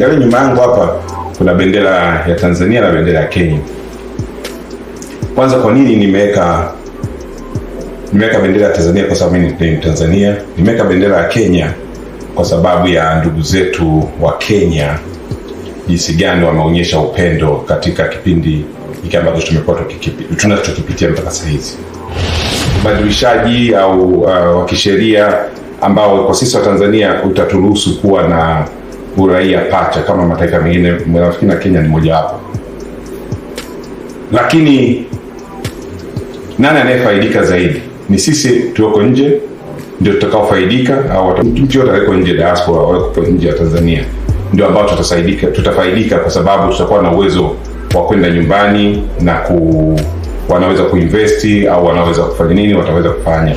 Ukiangalia nyuma yangu hapa kuna bendera ya Tanzania na bendera ya Kenya. Kwanza, kwa nini nimeweka nimeweka bendera ya Tanzania? Kwa sababu mimi ni Tanzania. Nimeweka bendera ya Kenya kwa sababu ya ndugu zetu wa Kenya, jinsi gani wameonyesha upendo katika kipindi hiki ambacho tumekuwa tunachokipitia mpaka sasa hizi ubadilishaji au uh, wa kisheria ambao kwa sisi wa Tanzania utaturuhusu kuwa na uraia pacha kama mataifa mengine, nafikiri na Kenya ni moja mojawapo. Lakini nani anayefaidika zaidi? Ni sisi tuoko nje ndio tutakaofaidika, au mtu yote aliko nje, diaspora wako nje ya Tanzania ndio ambao tutasaidika, tutafaidika kwa sababu tutakuwa na uwezo wa kwenda nyumbani na ku wanaweza kuinvesti au wanaweza kufanya nini, wataweza kufanya.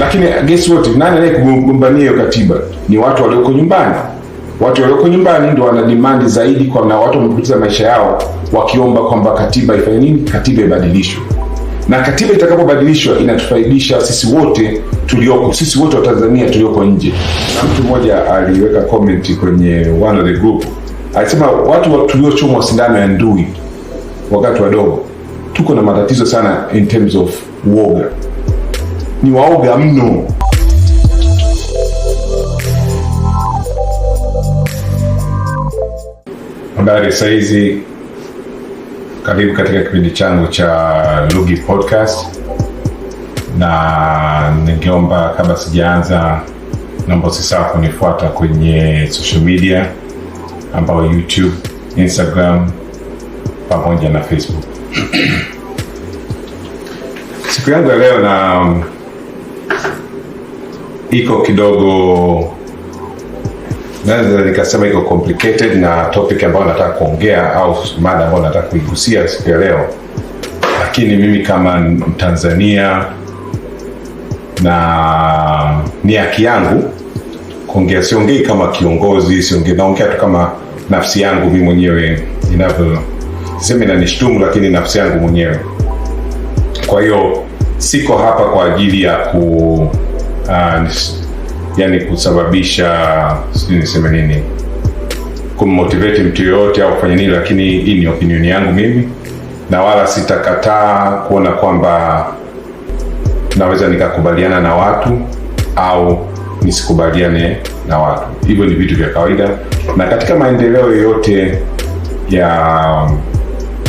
Lakini guess what, nani anayekugombania hiyo katiba? Ni watu walioko nyumbani watu walioko nyumbani ndio wana dimandi zaidi, kwa na watu wamepoteza maisha yao wakiomba kwamba katiba ifanye nini? Katiba ibadilishwe. Na katiba itakapobadilishwa inatufaidisha sisi wote tulioko, sisi wote wa Tanzania tulioko nje. Na mtu mmoja aliweka comment kwenye one of the group, alisema watu tuliochomwa sindano ya ndui wakati wadogo tuko na matatizo sana in terms of uoga, ni waoga mno Habari saa hizi, karibu katika kipindi changu cha Lugi Podcast, na ningeomba kabla sijaanza, naomba usisahau kunifuata kwenye social media ambao YouTube, Instagram pamoja na Facebook. Siku yangu ya leo na um, iko kidogo naweza nikasema iko complicated na topic ambayo nataka kuongea au mada ambayo nataka kuigusia siku ya leo, lakini mimi kama Mtanzania na ni haki yangu kuongea. Siongei kama kiongozi, siongei, naongea tu kama nafsi yangu mimi mwenyewe inavyo sema, inanishtumu, lakini nafsi yangu mwenyewe. Kwa hiyo siko hapa kwa ajili ya ku uh, yani kusababisha sijui niseme nini kummotivate mtu yoyote au kufanya nini, lakini hii ni opinion yangu mimi, na wala sitakataa kuona kwamba naweza nikakubaliana na watu au nisikubaliane na watu. Hivyo ni vitu vya kawaida, na katika maendeleo yoyote ya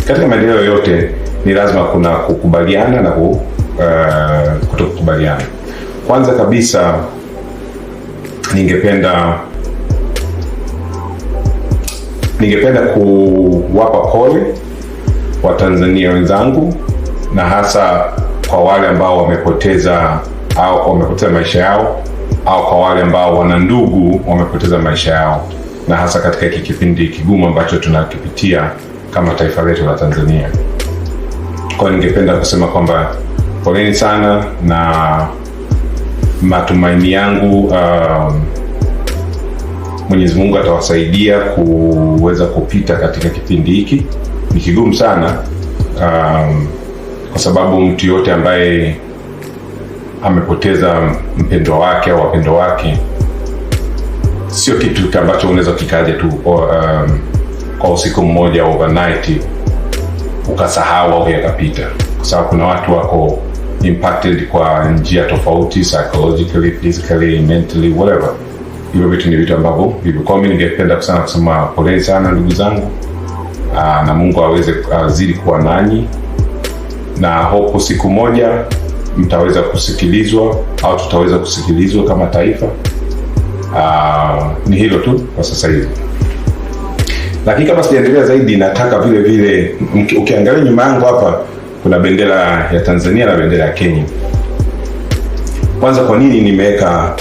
katika maendeleo yoyote ni lazima kuna kukubaliana na ku, uh, eh, kutokukubaliana. Kwanza kabisa ningependa ningependa kuwapa pole Watanzania wenzangu na hasa kwa wale ambao wamepoteza au wamepoteza maisha yao au kwa wale ambao wana ndugu wamepoteza maisha yao, na hasa katika hiki kipindi kigumu ambacho tunakipitia kama taifa letu la Tanzania. Kwa ningependa kusema kwamba poleni sana na matumaini yangu uh, Mwenyezi Mungu atawasaidia kuweza kupita katika kipindi hiki. Ni kigumu sana um, kwa sababu mtu yote ambaye amepoteza mpendo wake au wapendo wake sio kitu ambacho unaweza kikaja tu um, kwa usiku mmoja overnight ukasahau au yakapita, kwa sababu kuna watu wako impacted kwa njia tofauti, psychologically, physically, mentally, whatever. Hivyo vitu ni vitu ambavyo vivyokuwa mi ningependa sana kusema pole sana ndugu zangu, ah, na Mungu aweze azidi kuwa nanyi na hopu siku moja mtaweza kusikilizwa au tutaweza kusikilizwa kama taifa. Aa, ah, ni hilo tu kwa sasa hivi, lakini kama sijaendelea zaidi, nataka vile vile, ukiangalia nyuma yangu hapa kuna bendera ya Tanzania na bendera ya Kenya. Kwanza, kwa nini nimeweka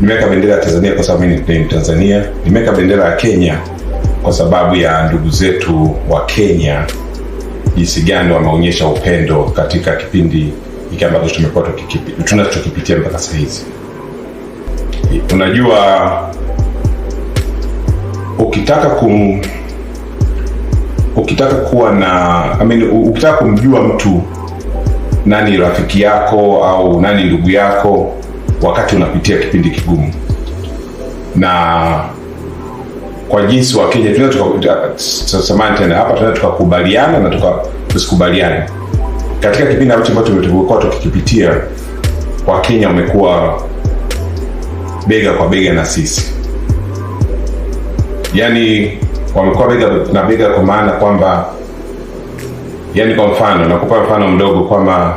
nimeweka bendera ya Tanzania? Kwa sababu ni tanzania Nimeweka bendera ya Kenya kwa sababu ya ndugu zetu wa Kenya, jinsi gani wameonyesha upendo katika kipindi hiki ambacho tumekuwa tunachokipitia mpaka sasa hizi. Unajua, ukitaka kum ukitaka kuwa na I mean, ukitaka kumjua mtu nani rafiki yako au nani ndugu yako wakati unapitia kipindi kigumu, na kwa jinsi wa Kenya tunaweza tena hapa tunaweza tukakubaliana na tusikubaliane katika kipindi ambacho tumekuwa tukikipitia. Wakenya umekuwa bega kwa bega na sisi, yani wamekuwa bega na bega, kwa maana kwamba yani, kwa mfano nakupa mfano mdogo kwamba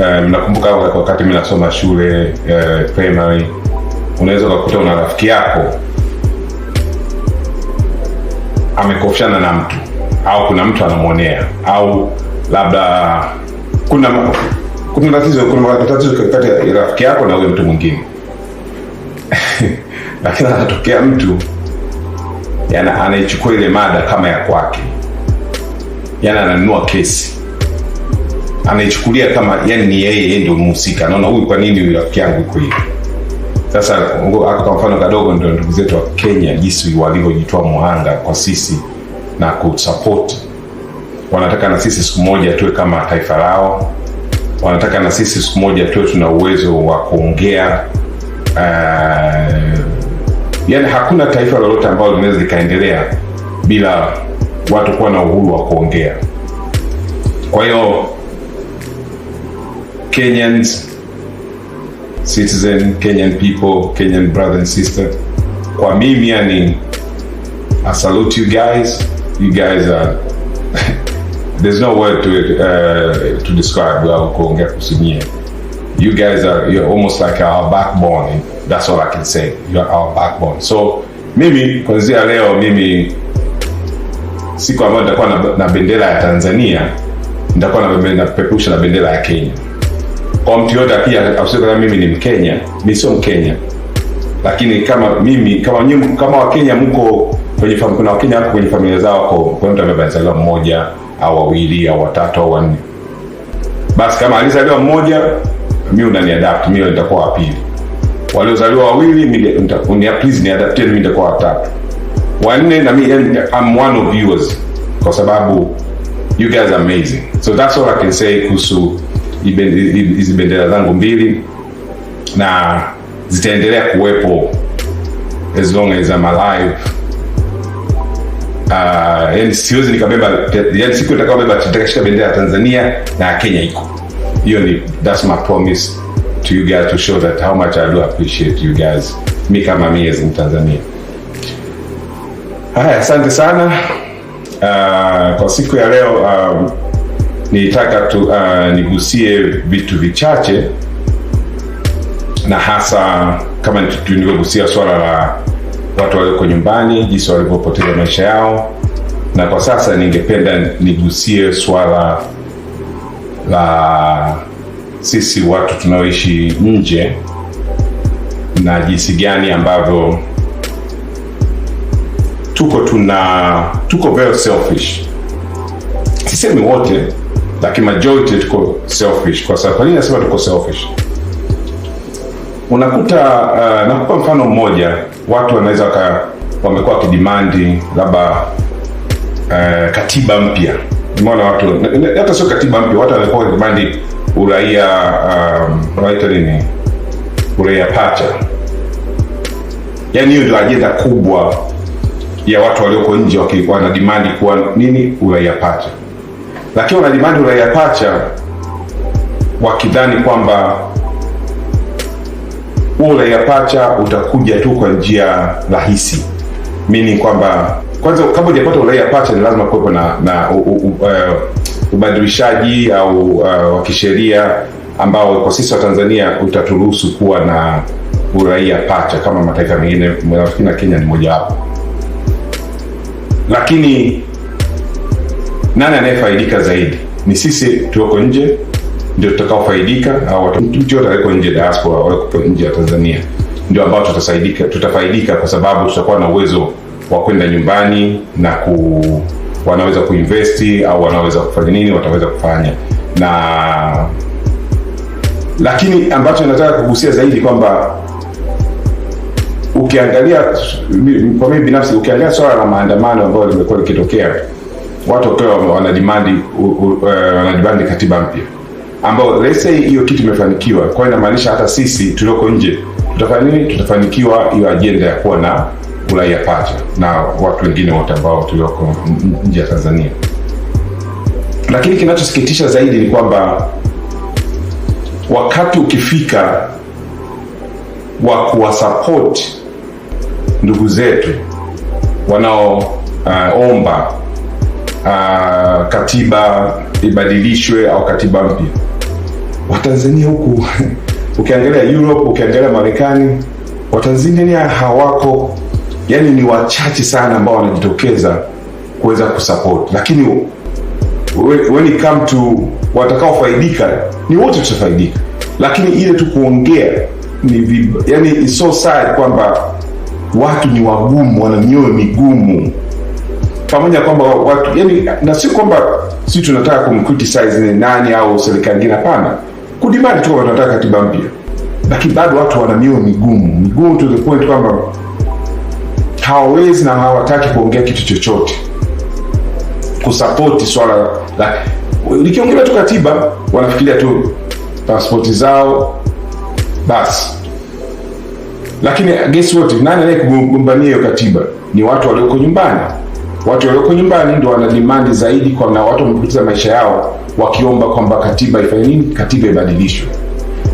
eh, mnakumbuka um, wakati mimi nasoma shule uh, primary, unaweza ukakuta una rafiki yako amekofishana na mtu au kuna mtu anamwonea au labda kuna kuna tatizo kuna tatizo kati ya rafiki yako na huyo mtu mwingine lakini anatokea mtu anaichukua ile mada kama ya kwake, yani ananunua kesi anaichukulia kama yani ni yeye ndio mhusika, anaona huyu, kwa nini rafiki yangu yuko hivi? Sasa kwa mfano kadogo, ndio ndugu zetu wa Kenya jinsi walivyojitoa muhanga kwa sisi na kusapoti. Wanataka na sisi siku moja tuwe kama taifa lao, wanataka na sisi siku moja tuwe tuna uwezo wa kuongea uh, yani hakuna taifa lolote ambalo linaweza likaendelea bila watu kuwa na uhuru wa kuongea. Kwa hiyo Kenyans, citizen Kenyan people, Kenyan brother and sister, kwa mimi yani, I salute you guys. You guys are there's no word to it, uh, to describe au kuongea kusimia you guys are you're almost like our backbone. That's all I can say. You're our backbone. So mimi kuanzia leo, mimi siku ambayo nitakuwa na, na bendera ya Tanzania nitakuwa napeperusha na na bendera ya Kenya kwa mtu yoyote. Pia afsi kama mimi ni Mkenya, mi sio Mkenya, lakini kama mimi kama nyinyi kama Wakenya mko kwenye familia, kuna Wakenya wako kwenye familia zao, kwa kwa mtu ambaye alizaliwa mmoja au wawili au watatu au wanne, basi kama alizaliwa mmoja mi unaniadapt mi nitakuwa wa pili, waliozaliwa wawili please niadaptie mi nitakuwa watatu wanne, na mi I'm one of yours kwa sababu you guys are amazing, so that's all I can say kuhusu hizi bendera zangu mbili, na zitaendelea kuwepo as long as I'm alive. Uh, yani siwezi nikabeba, yani siku nitakaobeba, nitakashika bendera ya Tanzania na Kenya iko hiyo ni that's my promise to you guys to show that how much I do appreciate you guys, mi kama mi as Mtanzania. Haya, asante sana uh, kwa siku ya leo um, nilitaka tu uh, nigusie vitu vichache na hasa kama tulivyogusia swala la watu walioko nyumbani, jinsi walivyopoteza maisha yao, na kwa sasa ningependa nigusie swala la sisi watu tunaoishi nje na jinsi gani ambavyo tuko tuna tuko very selfish. Sisemi wote, lakini majority tuko selfish. Kwa sababu nini nasema tuko selfish? Unakuta uh, nakupa mfano mmoja, watu wanaweza wamekuwa wakidimandi labda uh, katiba mpya Umeona watu hata sio katiba mpya, watu wamekuwa wakidemand uraia, unaita um, nini, uraia pacha. Yani hiyo ndio ajenda kubwa ya watu walioko nje, wana dimandi kuwa nini, uraia pacha, lakini wana dimandi uraia pacha wakidhani kwamba uraia pacha utakuja tu kwa njia rahisi, mini kwamba kwanza, kabla hujapata uraia pacha, ni lazima kuwepo na, na u, u, u, uh, ubadilishaji au uh, wa kisheria ambao kwa sisi wa Tanzania utaturuhusu kuwa na uraia pacha kama mataifa mengine, nafikiri na Kenya ni mojawapo. Lakini nani anayefaidika zaidi? Ni sisi tulioko nje ndio tutakaofaidika, au mtu yote alioko nje diaspora, au nje ya Tanzania ndio ambao tutasaidika, tutafaidika kwa sababu tutakuwa na uwezo wa kwenda nyumbani na ku wanaweza kuinvesti au wanaweza kufanya nini, wataweza kufanya na lakini ambacho nataka kugusia zaidi kwamba ukiangalia kwa mimi binafsi, ukiangalia swala la maandamano ambayo limekuwa likitokea, watu wakiwa wanadimandi eh, wanadimandi katiba mpya ambao let's hiyo kitu imefanikiwa, kwa inamaanisha hata sisi tulioko nje tutafanya nini? Tutafanikiwa hiyo ajenda ya kuwa na Ulaya pacha na watu wengine wote ambao tulioko nje ya Tanzania. Lakini kinachosikitisha zaidi ni kwamba wakati ukifika wa kuwasapoti ndugu zetu wanaoomba uh, uh, katiba ibadilishwe au katiba mpya, Watanzania huku ukiangalia Europe, ukiangalia Marekani, Watanzania hawako yani ni wachache sana ambao wanajitokeza kuweza kusupport, lakini when it come to watakaofaidika ni wote tutafaidika, lakini ile tu kuongea ni vib... yani it's so sad kwamba watu ni wagumu, wana mioyo migumu pamoja kwamba watu yani, na si kwamba sisi tunataka kumcriticize ni nani au serikali nyingine, hapana, kudimani tu wanataka katiba mpya, lakini bado watu wana mioyo migumu migumu to the point kwamba hawawezi na hawataki kuongea kitu chochote kusapoti swala la likiongelea tu katiba, wanafikiria tu pasipoti zao basi. Lakini guess what, nani anayekugombania hiyo katiba? Ni watu walioko nyumbani. Watu walioko nyumbani ndio wana demand zaidi, kwa na watu wamepoteza maisha yao wakiomba kwamba katiba ifanye nini? Katiba ibadilishwe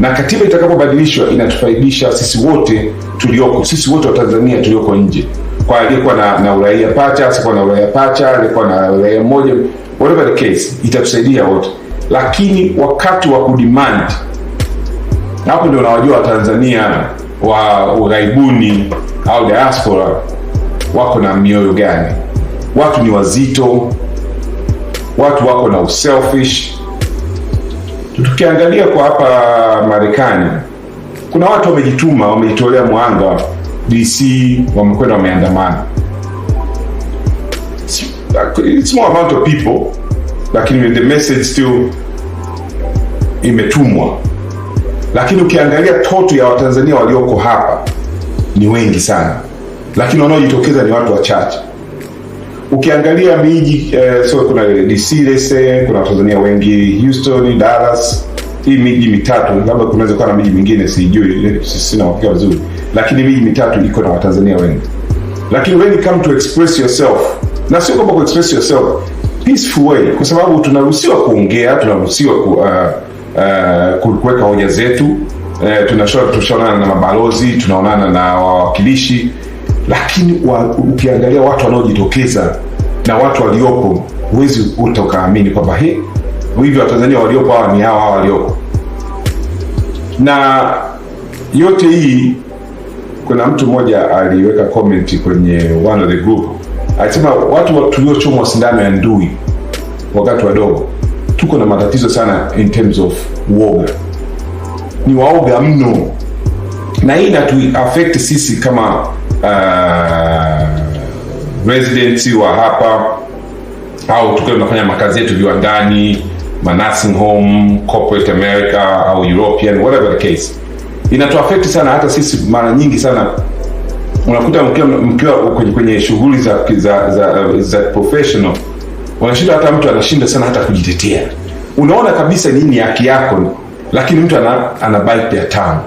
na katiba itakapobadilishwa inatufaidisha sisi wote tulioko, sisi wote wa Tanzania tulioko nje kwa aliyekuwa na, na uraia pacha, asiyekuwa na uraia pacha, aliyekuwa na uraia mmoja, whatever the case, itatusaidia wote, lakini wakati wa kudemand, hapo ndio unawajua Watanzania wa ughaibuni au diaspora wako na mioyo gani. Watu ni wazito, watu wako na uselfish. Tukiangalia kwa hapa Marekani, kuna watu wamejituma, wamejitolea mwanga DC wamekwenda wameandamana. It's more about the people, lakini the message still imetumwa. Lakini ukiangalia toto ya Watanzania walioko hapa ni wengi sana, lakini wanaojitokeza ni watu wachache. Ukiangalia miji eh, so kuna DC lese, kuna Watanzania wengi Houston, Dallas, hii miji mitatu, labda kunaweza kuwa na miji mingine, sijui, sina uhakika vizuri lakini miji mitatu iko na watanzania wengi lakini when you come to express yourself na sio kwamba kuexpress yourself peaceful way kwa sababu tunaruhusiwa kuongea tunaruhusiwa ku, uh, uh, kuweka hoja zetu uh, eh, tunashaonana na mabalozi tunaonana na wawakilishi lakini wa, ukiangalia watu wanaojitokeza na watu waliopo huwezi uta ukaamini kwamba he hivyo watanzania waliopo hawa ni hawa hawa walioko na yote hii kuna mtu mmoja aliweka comment kwenye one of the group alisema, watu tuliochomwa sindano ya ndui wakati wadogo tuko na matatizo sana in terms of uoga, ni waoga mno, na hii inatu affect sisi kama uh, wa hapa au tukiwa tunafanya makazi yetu viwandani, ma nursing home, corporate America au European, whatever the case affect sana hata sisi mara nyingi sana unakuta mkiwa, mkiwa kwenye, kwenye shughuli za, za, za, za professional unashinda hata mtu anashinda sana hata kujitetea unaona kabisa nini haki yako lakini mtu ana, ana bite ya tamu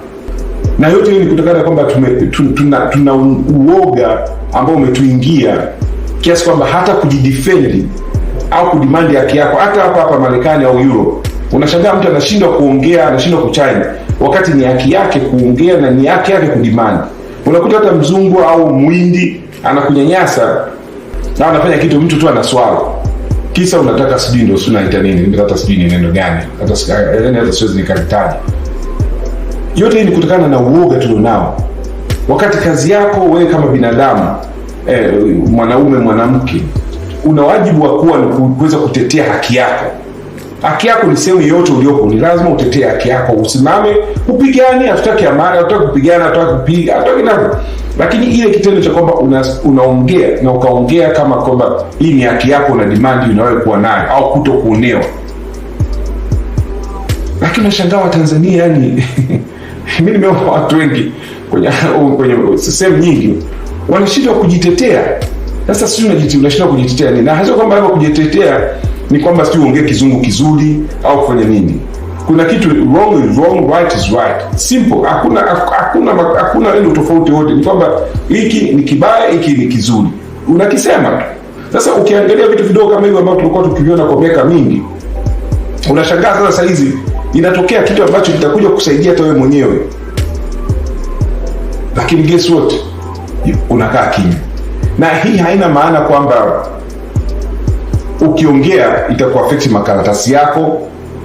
na yote hii ni kutokana kwamba tuna, tuna uoga ambao umetuingia kiasi kwamba hata kujidefend au kudemand haki yako hata hapa hapa marekani au europe unashangaa mtu anashindwa kuongea anashindwa kuchai wakati ni haki yake kuongea na ni haki yake kudimandi. Unakuta hata mzungu au mwindi anakunyanyasa na anafanya kitu, mtu tu ana swala kisa unataka sijui ndio sio naita nini, hata sijui ni neno gani, hata yaani hata siwezi nikalitaja. Yote hii ni kutokana na uoga tulionao, wakati kazi yako wewe kama binadamu eh, mwanaume mwanamke, una wajibu wa kuwa ni kuweza kutetea haki yako Haki yako ni sehemu yote uliopo, ni lazima utetee haki yako, usimame upigane. Hatutaki amani, hatutaki kupigana, hatutaki kupiga, hatutaki nani, lakini ile kitendo cha kwamba unaongea una na ukaongea kama kwamba hii ni haki yako na demand unawahi kuwa nayo au kuto kuonewa, lakini nashangaa Watanzania yani mi nimeona watu wengi kwenye, kwenye sehemu nyingi wanashindwa kujitetea. Sasa sijui unashindwa kujitetea nini, na hasa kwamba hapo kujitetea ni kwamba sijui uongee kizungu kizuri au kufanya nini kuna kitu wrong is wrong right is right simple hakuna hakuna hakuna neno tofauti wote ni kwamba hiki ni kibaya hiki ni kizuri unakisema tu sasa ukiangalia vitu vidogo kama hivyo ambavyo tulikuwa tukiviona kwa miaka mingi unashangaa sasa sahizi inatokea kitu ambacho kitakuja kusaidia hata wewe mwenyewe lakini guess what unakaa kimya na hii haina maana kwamba ukiongea itakuafekti makaratasi yako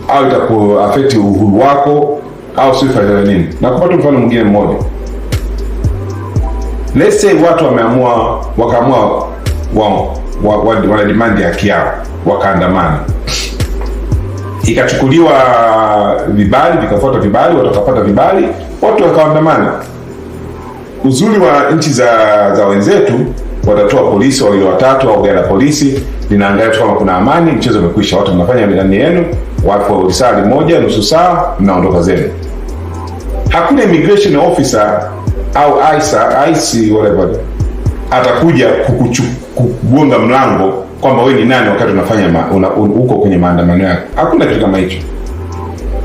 au itakuafekti uhuru wako au sio faida nini. Na kupata mfano mwingine mmoja, let's say watu wameamua wakaamua wanadimandi wa, wa demand haki yao wakaandamana, ikachukuliwa vibali vikafuata vibali, watu wakapata vibali, watu wakaandamana. Uzuri wa nchi za za wenzetu watatoa polisi wawili watatu, au gari la polisi linaangalia tu kama kuna amani, mchezo umekwisha, watu mnafanya ndani yenu, watu risali moja nusu saa, mnaondoka zenu. Hakuna immigration officer au ISA, IC whatever atakuja kukugonga mlango kwamba wewe ni nani wakati unafanya huko una, un, uko kwenye maandamano yako. Hakuna kitu kama hicho,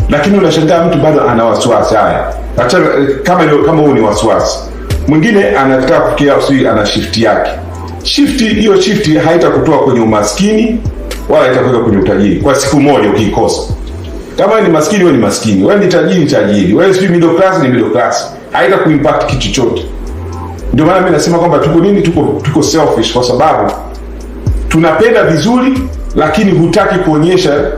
lakini unashangaa mtu bado ana wasiwasi. Haya, kama kama huo ni wasiwasi mwingine anataka kukia sijui ana shifti yake shifti hiyo shifti haitakutoa kwenye umaskini wala haitakuweka kwenye utajiri kwa siku moja ukiikosa kama ni maskini wewe ni maskini wewe ni tajiri ni tajiri wewe sijui middle class ni middle class haita kuimpact kitu chochote ndio maana mimi nasema kwamba tuko nini tuko tuko selfish kwa sababu tunapenda vizuri lakini hutaki kuonyesha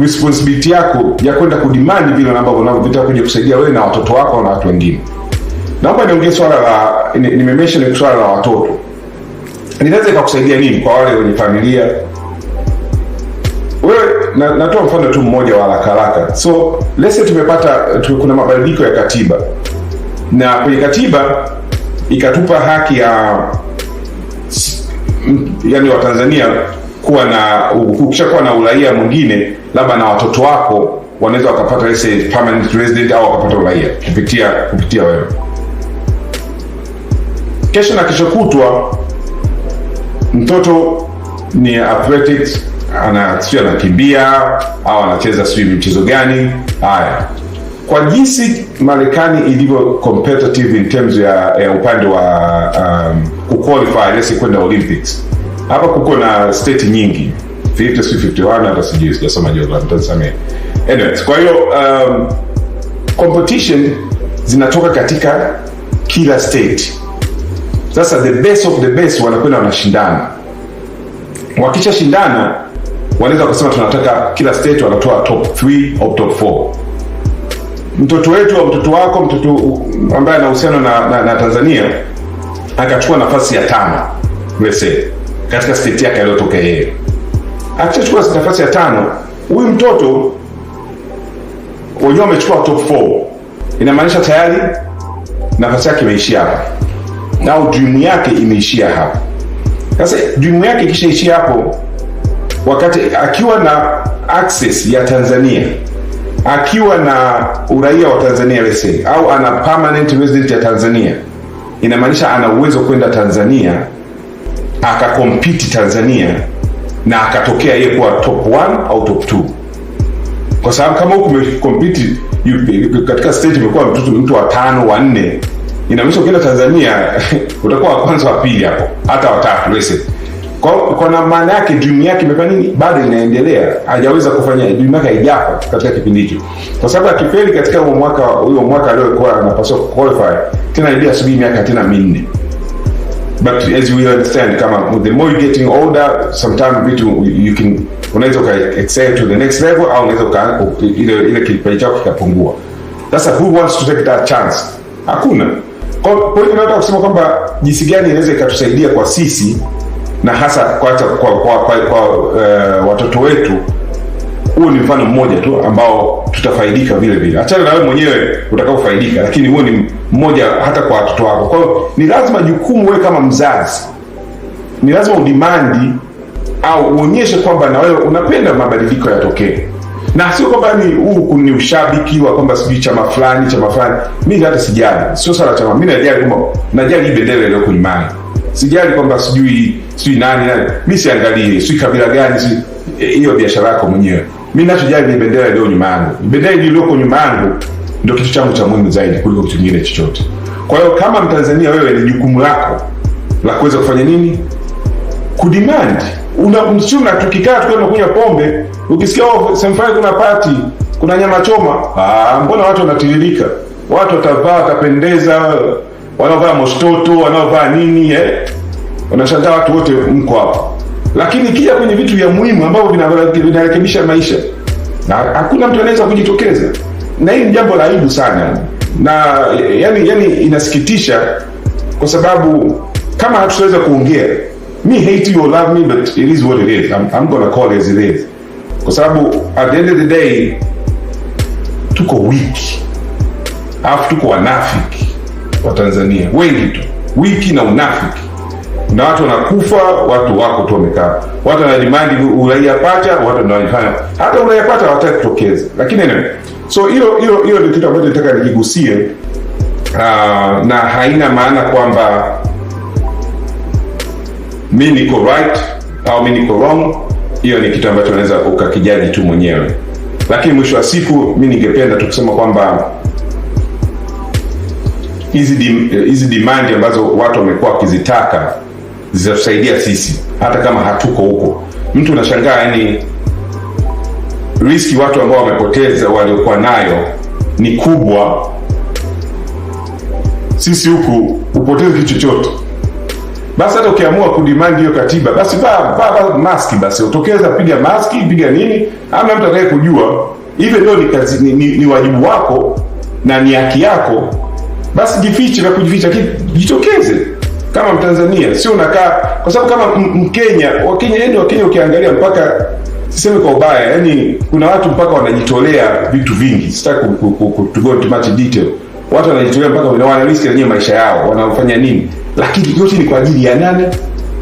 responsibility yako ya kwenda kudimani vile ambavyo unavyotaka kuja kusaidia wewe na watoto wako na watu wengine Naomba niongee swala la nimemention swala la watoto, ninaweza ikakusaidia nini kwa wale wenye familia wewe na, natoa mfano tu mmoja wa haraka haraka. So let's say tumepata kuna mabadiliko ya katiba na kwenye katiba ikatupa haki ya yani Watanzania kuwa na kuwa na uraia mwingine, labda na watoto wako wanaweza wakapata permanent resident au wakapata uraia kupitia kupitia wewe kesho na kesho kutwa mtoto ni athletic ana anakimbia au anacheza sijui mchezo gani. Haya, kwa jinsi Marekani ilivyo competitive in terms ya, ya upande wa um, kuqualify lesi kwenda Olympics, hapa kuko na state nyingi 50 51 hata sijui sijasoma jiografia, mtanisamehe. kwa hiyo um, competition zinatoka katika kila state sasa the best of the best wanakwenda wanashindana, wakisha shindana wanaweza kusema tunataka kila state wanatoa top 3 au top 4. Mtoto wetu au mtoto wako, mtoto ambaye ana uhusiano na, na, na Tanzania akachukua nafasi ya tano let's katika state yake aliyotoka yeye, akichukua nafasi ya tano, huyu mtoto wenyewe amechukua top 4, inamaanisha tayari nafasi yake imeishia hapa na dream yake imeishia hapo. Sasa dream yake ikishaishia hapo, wakati akiwa na access ya Tanzania, akiwa na uraia wa Tanzania leseni, au ana permanent resident ya Tanzania, inamaanisha ana uwezo kwenda Tanzania akakompiti Tanzania na akatokea yeye kuwa top 1 au top 2, kwa sababu kama huku umekompiti katika state imekuwa mtu mtu wa tano wa nne, inamaanisha ukienda Tanzania utakuwa wa kwanza, wa pili hapo, hata watatu wese kwa, kwa na maana yake dream yake imefanya nini? Bado inaendelea, hajaweza kufanya dream yake, haijapo katika kipindi hicho, kwa sababu akifeli katika huo mwaka huo mwaka aliokuwa anapaswa qualify tena, idia subiri miaka tena minne. But as we understand, kama the more you getting older sometimes vitu you can unaweza ka excel to the next level, au unaweza ka ile ile kipaji chako kikapungua. Sasa who wants to take that chance? Hakuna. Kwa hiyo kusema kwamba jinsi gani inaweza ikatusaidia kwa sisi na hasa kwa kwa, kwa, kwa, kwa uh, watoto wetu. Huo ni mfano mmoja tu ambao tutafaidika vile vile, achana na wewe mwenyewe utakaofaidika, lakini huo ni mmoja hata kwa watoto wako. Kwa hiyo ni lazima jukumu wewe kama mzazi, ni lazima udimandi au uonyeshe kwamba na wewe unapenda mabadiliko yatokee na sio kwamba ni huu ni ushabiki wa kwamba sijui chama fulani chama fulani. Mimi hata sijali, sio sala chama. Mimi najali kwamba najali hii bendera ile kwenye mali, sijali kwamba sijui sijui nani nani. Mimi siangalie sijui kabila gani, si e, hiyo biashara yako mwenyewe. Mimi ninachojali ni bendera iliyo nyuma yangu. Bendera iliyoko nyuma yangu ndio kitu changu cha muhimu zaidi kuliko kitu kingine chochote. Kwa hiyo kama Mtanzania, wewe ni jukumu lako la kuweza kufanya nini, Kudemand unamchuna tukikaa tukwenda kunywa pombe, ukisikia oh, semfai kuna pati, kuna nyama choma, ah, mbona watu wanatiririka, watu watavaa watapendeza, wanaovaa mostoto, wanaovaa nini eh? Unashangaa watu wote mko hapo, lakini kija kwenye vitu vya muhimu ambavyo vinarekebisha maisha na hakuna mtu anaweza kujitokeza, na hii ni jambo la aibu sana, na yani, yani inasikitisha kwa sababu kama hatutaweza kuongea Me hate you or love me, but it is what it is. I'm, I'm gonna call it as it is, kwa sababu at the end of the day tuko wiki alafu tuko wanafiki wa Tanzania wengi week wiki na unafiki na watu wanakufa, watu wako tu wamekaa, watu wanadimandi uraia pacha, watu wanafanya hata uraia pacha hawataki kutokeza, lakini nene so hilo hilo hilo ndio kitu ambacho nataka nijigusie, uh, ah, na haina maana kwamba mi niko right au mi niko wrong, hiyo ni kitu ambacho unaweza ukakijaji tu mwenyewe, lakini mwisho wa siku mi ningependa tu kusema kwamba hizi demand ambazo watu wamekuwa wakizitaka zitatusaidia sisi hata kama hatuko huko. Mtu unashangaa yani, riski watu ambao wamepoteza waliokuwa nayo ni kubwa. Sisi huku upoteze kitu chochote basi hata ukiamua kudimandi hiyo katiba, basi vaa vaa maski, basi utokeza, piga maski, piga nini, ama mtu atakaye kujua hivyo ndio ni, ni, ni, ni wajibu wako na ni haki yako, basi jifiche. Vya kujificha jitokeze kama Mtanzania, sio unakaa, kwa sababu kama Mkenya, Wakenya ndio yaani Wakenya, ukiangalia mpaka siseme kwa ubaya, yani kuna watu mpaka wanajitolea vitu vingi, sitaki to go into much detail. Watu wanajitolea mpaka wanariski wenyewe maisha yao, wanafanya nini lakini yote ni kwa ajili ya nane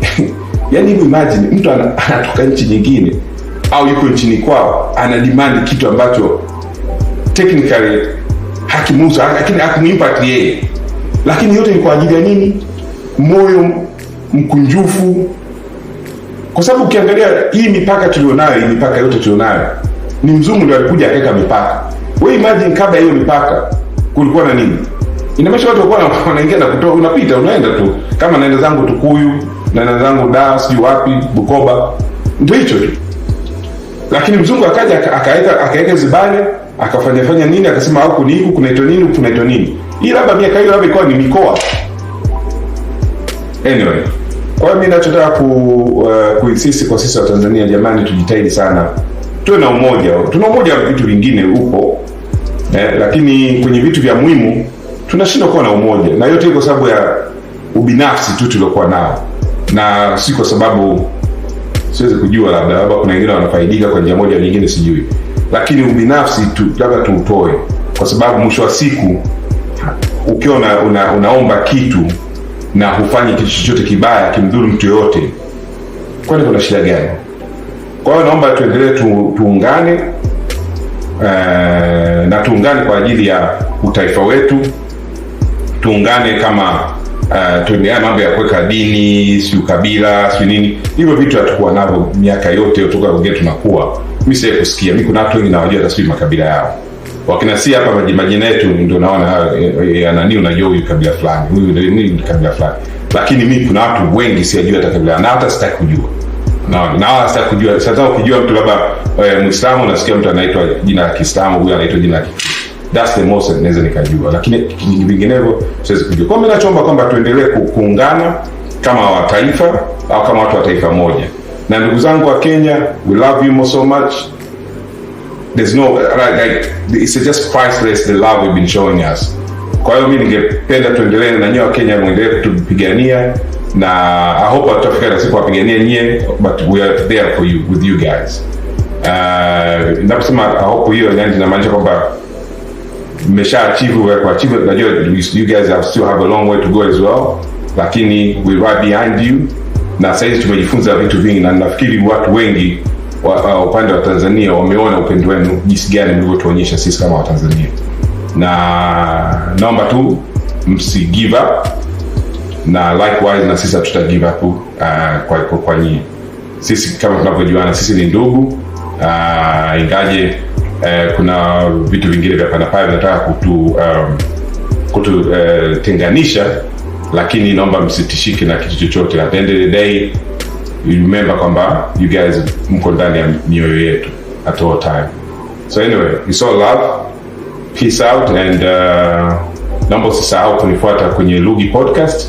yani yaani hivi imagine mtu anatoka nchi nyingine au yuko nchini kwao ana demand kitu ambacho technically hakimuhusu lakini hakimuimpact yeye lakini yote ni kwa ajili ya nini moyo mkunjufu kwa sababu ukiangalia hii mipaka tulionayo hii mipaka yote tulionayo ni mzungu ndio alikuja akaweka mipaka we imagine kabla hiyo mipaka kulikuwa na nini Inamaanisha watu wakuwa wanaingia na kutoka, unapita unaenda tu, kama naenda zangu Tukuyu, naenda zangu Dar, sijui wapi, Bukoba, ndio hicho tu. Lakini mzungu akaja akaweka akaweka zibale akafanya fanya nini, akasema huku ni huku kunaitwa nini, huku kunaitwa nini. Hii labda miaka hiyo labda ikawa ni mikoa. Anyway, kwa hiyo mimi ninachotaka ku uh, kuinsist kwa sisi wa Tanzania, jamani, tujitahidi sana, tuwe na umoja. Tuna umoja wa vitu vingine huko eh, lakini kwenye vitu vya muhimu tunashindwa kuwa na umoja, na yote kwa sababu ya ubinafsi tu tuliokuwa nao, na si kwa sababu siwezi kujua, labda labda kuna wengine wanafaidika kwa njia moja nyingine, sijui, lakini ubinafsi tu labda tuutoe, kwa sababu mwisho wa siku ukiwa una, una, unaomba kitu na hufanyi kitu chochote kibaya kimdhuru mtu yoyote, kwani kuna shida gani? Kwa hiyo naomba tuendelee tu, tuungane, uh, na tuungane kwa ajili ya utaifa wetu tuungane kama uh, tunia mambo ya kuweka dini si kabila si nini, hivyo vitu hatukuwa navyo miaka yote kutoka wengine tunakuwa. Mi sie kusikia mi, kuna watu wengi nawajua hata sijui makabila yao, wakina si hapa majimajina yetu ndio naona ya unajua huyu kabila fulani, huyu ni kabila fulani, lakini mi kuna watu wengi siajua hata kabila na hata sitaki kujua naona kujua. Sasa ukijua mtu labda e, Muislamu, nasikia mtu anaitwa jina la Kiislamu, huyu anaitwa jina la that's the most naweza nikajua, lakini vinginevyo siwezi kujua. Kwa mimi nachoomba kwamba tuendelee kuungana kama wataifa au kama watu wa taifa moja. Na ndugu zangu wa Kenya, we love you so much there's no like, it's just priceless the love you've been showing us. Kwa hiyo mimi ningependa tuendelee na nyewe wa Kenya, muendelee kutupigania na I hope tutafika na siku wapigania nyie, but we are there for you with you guys. Uh, naposema I hope hiyo inamaanisha kwamba mmesha achieve over kwa achieve, najua you guys have still have a long way to go as well, lakini we right behind you, na saizi tumejifunza vitu vingi, na nafikiri watu wengi wa, uh, upande wa Tanzania wameona upendo wenu jinsi gani mlivyotuonyesha sisi kama Watanzania, na naomba tu msi give up, na likewise na sisi hatuta give up uh, kwa, kwa, kwa nyinyi. Sisi kama tunavyojuana sisi ni ndugu uh, ingaje eh, kuna vitu vingine vya pale pale vinataka kutu um, kututenganisha eh, lakini naomba msitishike na kitu chochote. At the end of the day, remember kwamba you guys mko ndani ya mioyo yetu at all time. So anyway, it's all love. Peace out and uh, naomba usisahau kunifuata kwenye Lugi Podcast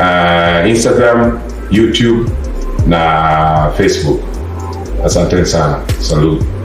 uh, Instagram, YouTube na Facebook. Asanteni sana. Salud.